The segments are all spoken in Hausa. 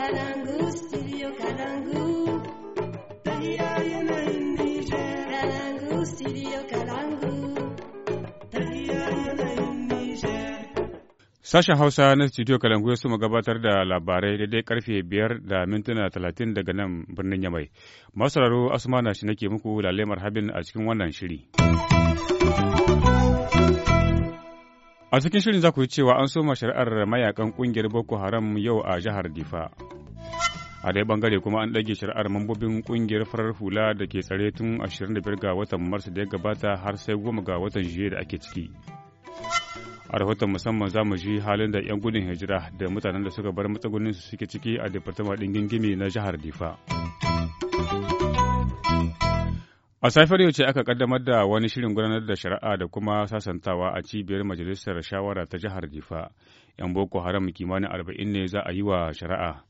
Kalangu, Sashen Hausa na Studio Kalangu ya suma gabatar da labarai daidai karfe biyar da mintuna talatin daga nan birnin Yamai. Masu sauraro Asuma na shi nake muku lalemar habin a cikin wannan shiri. A cikin shirin za ku yi cewa an soma shari'ar mayakan kungiyar Boko Haram yau a jihar Difa. A dai bangare kuma an ɗage shari'ar mambobin kungiyar farar hula da ke tsare tun 25 ga watan Mars da ya gabata har sai goma ga watan Juye da ake ciki. A rahoton musamman za mu ji halin da 'yan gudun hijira da mutanen da suka bar matsugunin su suke ciki a Departamar ɗin Gingimi na jihar Difa. A safiyar yau ce aka kaddamar da wani shirin gudanar da shari'a da kuma sasantawa a cibiyar majalisar shawara ta jihar Jifa. 'Yan Boko Haram kimanin arba'in ne za a yi wa shari'a.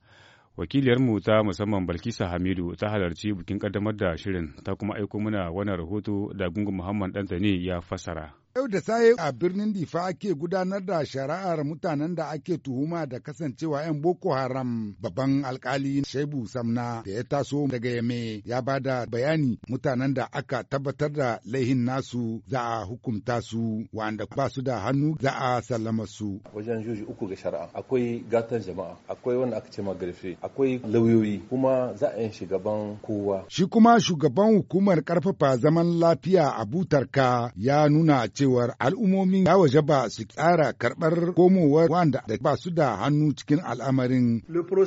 Wakiliyarmu ta musamman Balkisa Hamidu ta halarci bukin kaddamar da shirin ta kuma aiko mana wani rahoto da Gungun Muhammad Dantani ya fasara. Yau da saye a birnin Difa ake gudanar da shari'ar mutanen da ake tuhuma da kasancewa 'yan Boko Haram babban alkali Shaibu Samna da ya taso daga Yame ya ba da bayani mutanen da aka tabbatar da laihin nasu za a hukunta su wanda ba su da hannu za a sallama su. Wajen juji uku ga shari'a akwai gatan jama'a akwai wanda aka ce magarfe akwai lauyoyi kuma za a yin shugaban kowa. Shi kuma shugaban hukumar karfafa zaman lafiya a butarka ya nuna cewar al'ummomin ya waje ba su ƙara karɓar komowar wanda da ba su da hannu cikin al'amarin.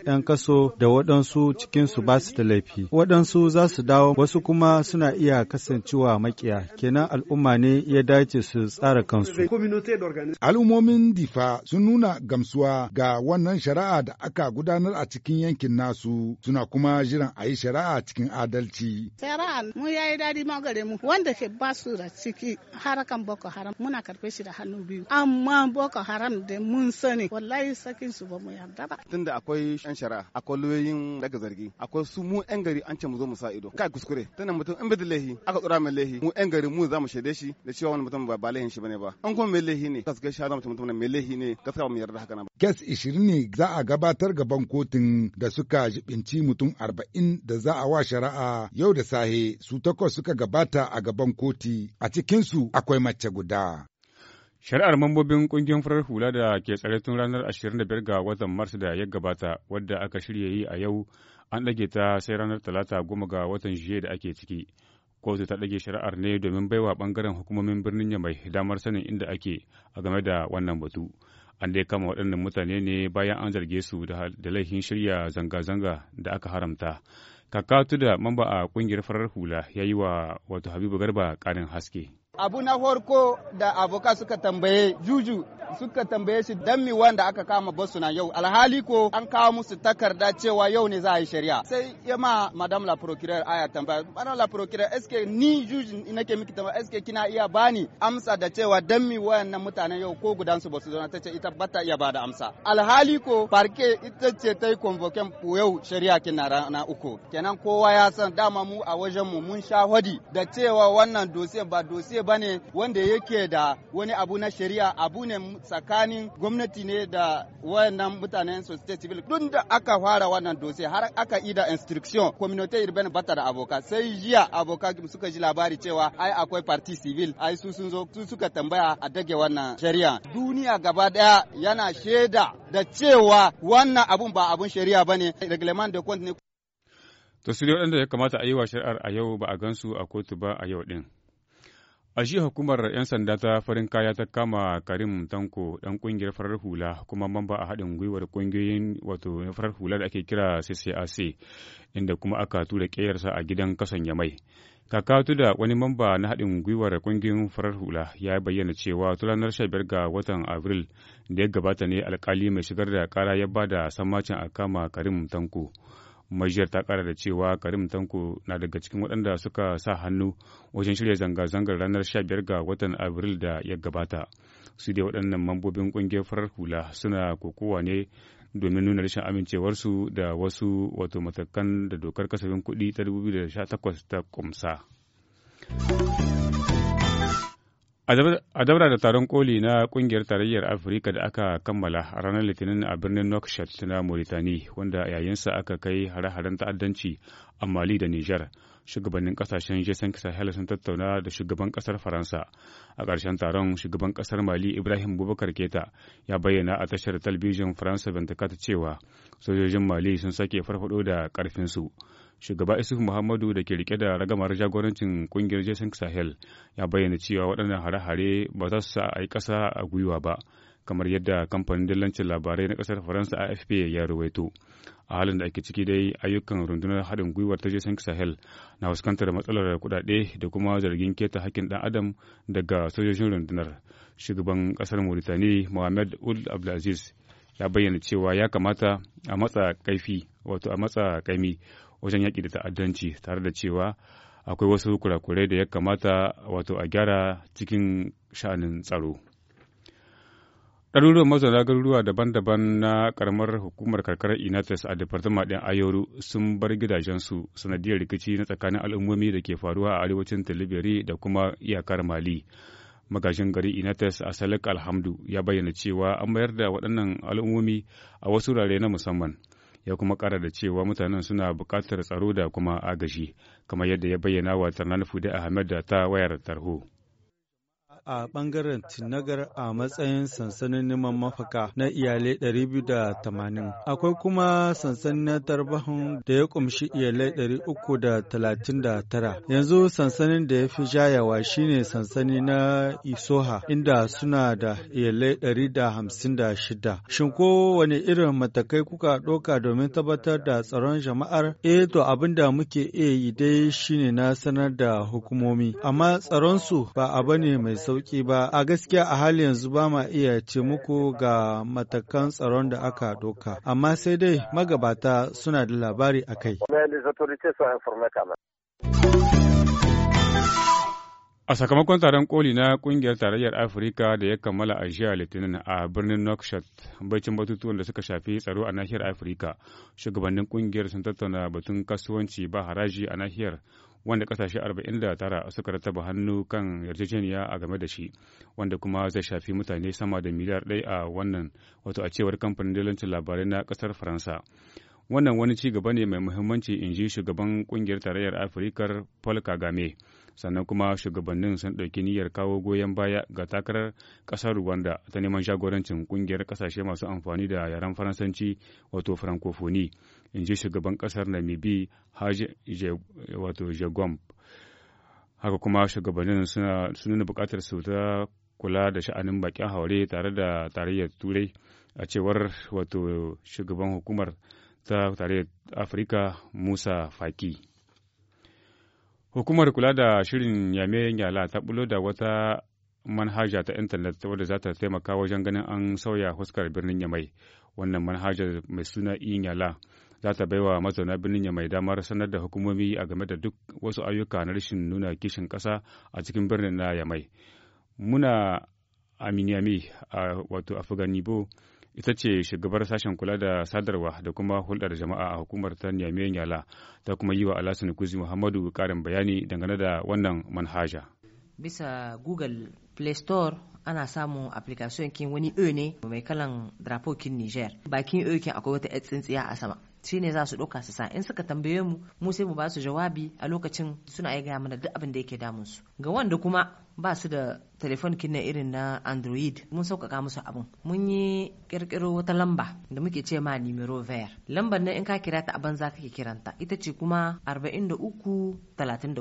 ‘Yan kaso da waɗansu cikinsu ba su da laifi, waɗansu za su dawo wasu kuma suna iya kasancewa maƙiya, kenan al'umma ne ya dace su tsara kansu. Al'ummomin Difa sun nuna gamsuwa ga wannan shari'a da aka gudanar a cikin yankin nasu, suna kuma jiran a yi shari'a cikin adalci. Shari'a mu ya yi daɗi ma mu wanda ke ba su da ciki harakan boko haram muna karfe shi da hannu biyu amma boko haram da mun sani wallahi sakin su ba mu yarda ba tunda akwai yan shara akwai lauyoyin daga zargi akwai su mu yan gari an ce mu zo mu sa ido kai kuskure tunda mutum in bi da aka tsura mai laihi mu yan gari mu za mu shaide shi da cewa wani mutum ba ba laihin shi bane ba an kuma mai laihi ne gaskiya shi zama mutum ne mai laihi ne gaskiya ba mu yarda haka nan ba kes 20 ne za a gabatar gaban kotun da suka jibinci mutum 40 da za a wa shari'a yau da sahe su takwas suka gabata a gaban koti a cikinsu akwai mace guda. Shari'ar mambobin ƙungiyar farar hula da ke tsare tun ranar 25 ga watan Mars da ya gabata wadda aka shirya yi a yau an ɗage ta sai ranar talata goma ga watan jiya da ake ciki. Kotu ta ɗage shari'ar ne domin baiwa ɓangaren hukumomin birnin ya mai damar sanin inda ake a game da wannan batu. An dai kama waɗannan mutane ne bayan an zarge su da laifin shirya zanga-zanga da aka haramta. Kakatu da mamba a ƙungiyar farar hula ya yi wa wato Habibu Garba ƙarin haske. Abu na horko da aboka suka tambaye juju suka tambaye shi dan mi wanda aka kama basuna yau alhali ko an kawo musu takarda cewa yau ne za a yi shari'a sai ya ma madam la procureur aya tambaya madam la procureur eske ni juji nake miki tambaya eske kina iya bani amsa da cewa dan mi wayannan mutanen yau ko gudan su basu zauna tace ita bata iya bada amsa alhali ko parke ita ce ta yi convocation yau shari'a kina rana uku kenan kowa ya san dama mu a wajen mu mun sha hodi da cewa wannan dosiye ba dosiye ba ne wanda yake da wani abu na shari'a abu ne tsakanin gwamnati ne da wayannan mutanen society civil duk da aka fara wannan dosiye har aka yi da instruction community urban bata da aboka sai jiya aboka suka ji labari cewa ai akwai party civil ai su sun zo su suka tambaya a dage wannan shari'a duniya gaba daya yana shaida da cewa wannan abun ba abun shari'a bane reglement de compte ne to su da ya kamata a yi wa shari'ar a yau ba a gansu a kotu ba a yau din A shi hukumar 'yan sanda ta farin kaya ta kama Karim Tanko ɗan ƙungiyar farar hula kuma mamba a haɗin gwiwar ƙungiyoyin wato farar hula da ake kira CCAC inda kuma aka tura ƙeyarsa a gidan kasan Yamai. Kakatu da wani mamba na haɗin gwiwar ƙungiyoyin farar hula ya bayyana cewa ta ranar 15 ga watan Abril da ya gabata ne alkali mai shigar da ƙara ya bada sammacin a kama Karim Tanko. majiyar ta kara da cewa karim tanko na daga cikin waɗanda suka sa hannu wajen shirya zanga-zangar ranar 15 ga watan abril da ya gabata su dai waɗannan mambobin ƙungiyar farar hula suna kokowa ne domin nuna rashin amincewarsu da wasu wato matakan da dokar kasafin kuɗi ta 2018 ta kumsa. A dabara da taron koli na kungiyar tarayyar Afirka da aka kammala a ranar Litinin a birnin Nouakchott na Mauritani wanda yayinsa aka kai hare-haren ta'addanci a Mali da Nijar. Shugabannin kasashen kisa Sahel sun tattauna da shugaban kasar Faransa. A ƙarshen taron shugaban kasar Mali Ibrahim Bubakar Keta ya bayyana a tashar talbijin Faransa 24 cewa sojojin Mali sun sake farfado da ƙarfinsu. shugaba isuf muhammadu da ke rike da ragamar jagorancin kungiyar jason sahel ya bayyana cewa waɗannan hare-hare ba za su sa a yi ƙasa a gwiwa ba kamar yadda kamfanin dillancin labarai na ƙasar faransa afp ya rawaito a halin da ake ciki dai ayyukan rundunar haɗin gwiwar ta jason sahel na fuskantar matsalar kuɗaɗe da kuma zargin keta hakkin ɗan adam daga sojojin rundunar shugaban ƙasar mauritani mohamed ul abdulaziz ya bayyana cewa ya kamata a matsa kaifi wato a matsa kaimi wajen yaƙi da ta'addanci tare da cewa akwai wasu kurakurai da ya kamata wato a gyara cikin sha'anin tsaro. Ɗaruruwan mazauna garuruwa daban-daban na ƙaramar hukumar karkarar Inates a Departama ɗin Ayoru sun bar gidajensu sanadiyar rikici na tsakanin al'ummomi da ke faruwa a arewacin Tilibiri da kuma iyakar Mali. Magajin gari Inates a Salik Alhamdu ya bayyana cewa an mayar da waɗannan al'ummomi a wasu wurare na musamman. ya kuma ƙara da cewa mutanen suna buƙatar tsaro da kuma agaji kamar yadda ya bayyana wa tarnan fude ahmed da ta wayar tarho. a bangaren Tinagar a matsayin sansanin neman mafaka na iyalai 280. Akwai kuma sansanin tarbahun da ya kumshi iyalai 339. Yanzu sansanin da ya fi jayawa shine sansani na Isoha inda suna da iyalai 156. Shin ko wani irin matakai kuka ɗauka domin tabbatar da tsaron jama'ar? Eh to abin da muke iya yi dai shine na sanar da hukumomi, amma tsaronsu ba abu ne mai sauki. sauƙi ba, a gaskiya a hali yanzu ba ma iya ce muku ga matakan tsaron da aka doka, amma sai dai magabata suna da labari a kai. A sakamakon tsaron koli na kungiyar tarayyar Afirka da ya kammala a jiya Litinin a birnin nokshat baicin batutuwan da suka shafi tsaro a nahiyar Afirka, shugabannin kungiyar sun tattauna batun kasuwanci ba haraji a nahiyar wanda kasashe 49 suka rataba hannu kan yarjejeniya a game da shi wanda kuma zai shafi mutane sama da miliyar ɗaya a wannan wato a cewar kamfanin dalancin labarai na ƙasar faransa wannan wani ci gaba ne mai muhimmanci in ji shugaban kungiyar tarayyar afirkar paul kagame sannan kuma shugabannin sun ɗauki niyyar kawo goyon baya ga takarar ƙasar rwanda ta neman jagorancin kungiyar ƙasashe masu amfani da yaren faransanci wato francophonie in ji shugaban kasar namibi haji wato jagomb haka kuma shugabannin suna nuna buƙatar su ta kula da sha'anin bakin haure tare da tarayyar turai a cewar wato shugaban hukumar ta tarayyar afirka musa faki hukumar kula da shirin yame yala ta bulo da wata manhaja ta intanet wadda za ta taimaka wajen ganin an sauya huskar birnin yamai wannan manhajar mai suna inyala za ta baiwa mazauna birnin ya mai damar sanar da hukumomi a game da duk wasu ayyuka na rashin nuna kishin kasa a cikin birnin na yamai muna aminyami a wato afganibo ita ce shugabar sashen kula da sadarwa da kuma hulɗar jama'a a hukumar ta niyamiyan yala ta kuma yi wa alhassan kuzi muhammadu ƙarin bayani dangane da wannan manhaja bisa google play store ana samun application kin wani e ne mai kalan drapokin niger bakin e akwai wata tsintsiya a sama shine za su ɗauka su sa in suka tambaye mu mu sai mu ba su jawabi a lokacin suna iya gaya mana duk abin da yake damun su ga wanda kuma ba su da telefon kin irin na android mun sauƙaƙa musu abun mun yi ƙirƙiro wata lamba da muke ce ma numero ver lambar nan in ka kira ta a banza kake kiranta ita ce kuma 43 34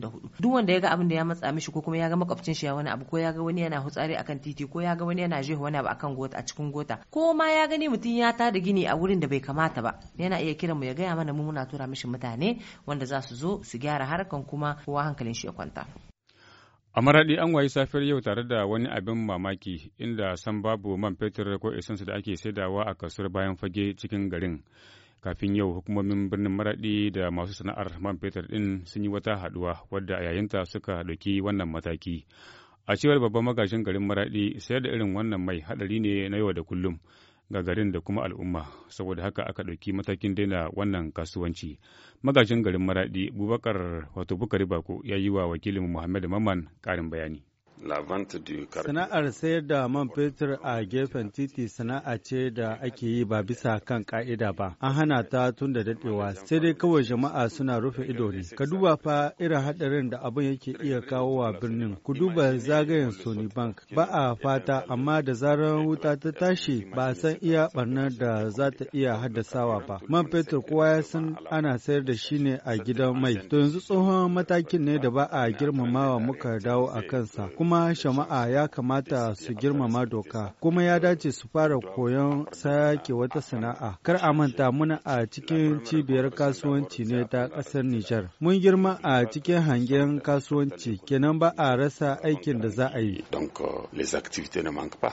duk wanda ya ga abin da ya matsa mishi ko kuma ya ga makwabcin shi ya wani abu ko ya ga wani yana hutsari akan titi ko ya ga wani yana jehu wani abu akan gota a cikin gota ko ma ya gani mutum ya ta da gini a wurin da bai kamata ba yana iya kiran mu ya gaya mana mu muna tura mishi mutane wanda za su zo su gyara harkan kuma kowa hankalin shi ya kwanta A maraɗi an wayi safiyar yau tare da wani abin mamaki inda san babu man fetur ko isansu da ake saidawa a kasuwar bayan fage cikin garin. Kafin yau hukumomin birnin maraɗi da masu sana'ar man fetur ɗin sun yi wata haɗuwa wadda a yayinta suka ɗauki wannan mataki. A cewar babban magashin garin maraɗi sayar da irin wannan mai haɗari ne na yau da kullum ga garin da kuma al'umma saboda haka aka ɗauki matakin daina wannan kasuwanci magajin garin maradi bubakar wato bukari bako ya yi wa wakilin muhammadu mamman ƙarin bayani Sana'ar sayar da man fetur a gefen titi sana'a ce da ake yi ba bisa kan ka'ida ba. An hana ta tun da daɗewa, sai dai kawai jama'a suna rufe ido ne. Ka duba fa irin hadarin da abin yake iya kawo wa birnin. Ku duba zagayen Sony Bank. Ba a fata amma da zarar wuta ta tashi ba a san iya barnar da za ta iya haddasawa ba. Man fetur kowa ya san ana sayar da shi ne a gidan mai. To yanzu tsohon matakin ne da ba a girmamawa muka dawo a kansa. Kuma kuma shama'a ya kamata su girmama doka kuma ya dace su fara koyon sake wata sana'a kar a manta muna a cikin cibiyar kasuwanci ne ta ƙasar Nijar mun girma a cikin hangen kasuwanci kenan ba a rasa aikin da za a yi euh,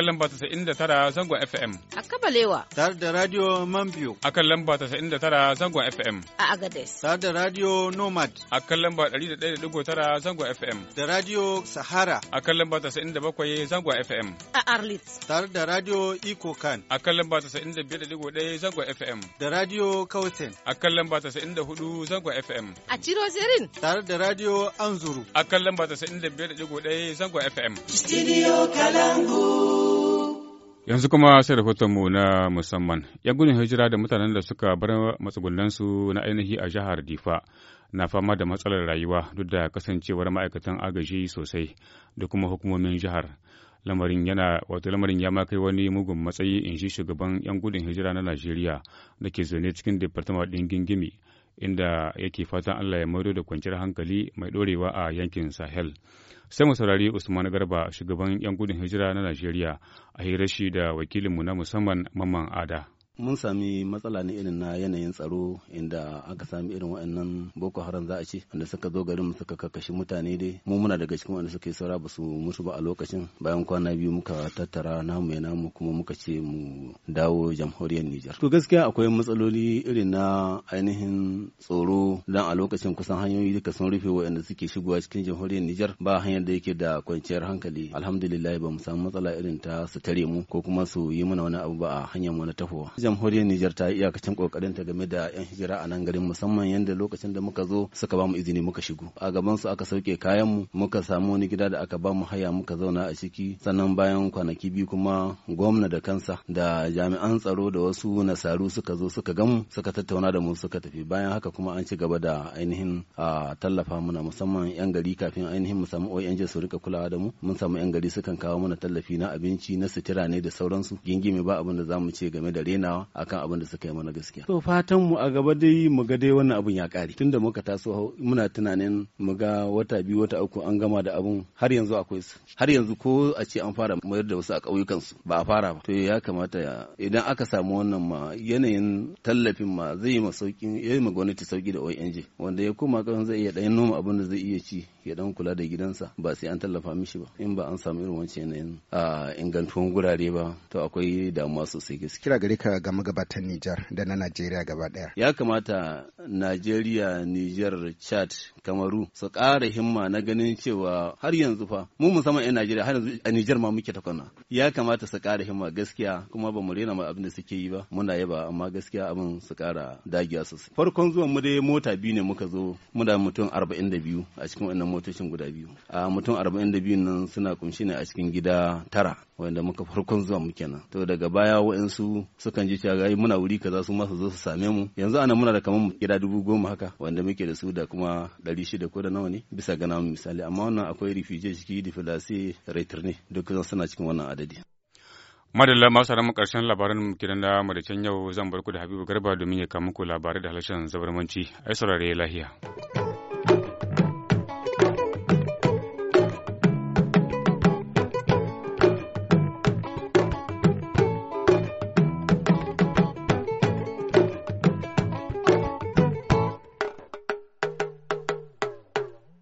akan lamba 99 zangon FM. A Kabalewa. Tare da Radio Mambiyo. Akan lamba 99 zangon FM. A Agades. Tare da Radio Nomad. Akan lamba 101.9 zangon FM. Da Radio Sahara. Akan lamba 97 zangon FM. A Arlit. Tare da Radio Iko Kan. Akan lamba 95.1 zangon FM. Da Radio Kausen. Akan lamba 94 zangon FM. A Ciro Zerin. Tare da Radio Anzuru. Akan lamba 95.1 zangon FM. Studio Kalangu. Yanzu kuma sai rahotonmu na musamman, ‘yan gudun hijira da mutanen da suka bar matsugunansu na ainihi a jihar Difa na fama da matsalar rayuwa duk da kasancewar ma'aikatan agaji sosai da kuma hukumomin jihar. Lamarin yana wato lamarin ya ma kai wani mugun matsayi in shi shugaban ‘yan gudun hijira na Najeriya da ke zaune cikin Departement ɗin Gingimi. inda yake fatan Allah ya maido da kwanciyar hankali mai ɗorewa a yankin Sahel. Sai mu saurari Usman Garba, shugaban 'yan gudun hijira na Najeriya, a shi da wakilinmu na musamman Maman Ada. mun sami matsala ne irin na yanayin tsaro inda aka sami irin waɗannan boko haram za a ce wanda suka zo garin mu suka kakkashi mutane dai mu muna daga cikin wanda suka yi saura ba su mutu ba a lokacin bayan kwana biyu muka tattara namu ya namu kuma muka ce mu dawo jamhuriyar Nijar. To gaskiya akwai matsaloli irin na ainihin tsoro dan a lokacin kusan hanyoyi duka sun rufe waɗanda suke shigowa cikin jamhuriyar Nijar ba hanyar da yake da kwanciyar hankali alhamdulillah ba mu samu matsala irin ta su tare mu ko kuma su yi mana wani abu ba a hanyar mu na tafowa. jamhuriyar Nijar ta yi iyakacin kokarin game da yan hijira a nan garin musamman yadda lokacin da muka zo suka ba izini muka shigo a gaban su aka sauke kayan mu muka samu wani gida da aka ba mu haya muka zauna a ciki sannan bayan kwanaki biyu kuma gwamna da kansa da jami'an tsaro da wasu nasaru suka zo suka gamu suka tattauna da mu suka tafi bayan haka kuma an ci gaba da ainihin a tallafa muna musamman yan gari kafin ainihin mu samu ONG su rika kulawa da mu mun samu yan gari sukan kawo mana tallafi na abinci na sutura ne da sauransu gingimi ba abin da zamu ce game da renawa akan abin da suka yi mana gaskiya to fatan mu a gaba dai mu ga dai wannan abun ya kare tunda muka taso muna tunanin mu ga wata biyu wata uku an gama da abun har yanzu akwai su har yanzu ko a ce an fara mayar da wasu a ƙauyukan su ba a fara ba to ya kamata idan aka samu wannan ma yanayin tallafin ma zai yi ma sauki ya yi ma gwamnati sauki da ONG wanda ya koma kan zai iya dan noma abin da zai iya ci ya dan kula da gidansa ba sai an tallafa mishi ba in ba an samu irin wancan yanayin a ah, ingantuwan gurare ba to akwai damuwa sosai gaskiya kira gare ka ga magabatan Nijar da na Najeriya gaba ɗaya. Ya kamata Najeriya, Nijar, Chad, Kamaru su ƙara himma na ganin cewa har yanzu fa mu musamman 'yan Najeriya har yanzu a Nijar ma muke takwana. Ya kamata su kara himma gaskiya kuma ba mu rena ma abin da suke yi ba muna yaba amma gaskiya abin su ƙara dagiya sosai. Farkon zuwan mu dai mota biyu ne muka zo muna mutum arba'in da biyu a cikin wannan motocin guda biyu. A mutum arba'in da biyu nan suna kunshi ne a cikin gida tara wanda muka farkon zuwa mu kenan. To daga baya wa'insu sukan je cewa gai muna wuri kaza su masu zo su same mu yanzu ana muna da kamar gida dubu goma haka wanda muke da su da kuma ɗari shida ko da nawa ne bisa ga namu misali amma wannan akwai rifije ciki difilasi returne dukkan suna cikin wannan adadi. madalla masu mu karshen labaran mu kiran da madacin yau zan bar ku da habibu garba domin ya kama ku labarai da halashen zabarmanci ai saurare lahiya.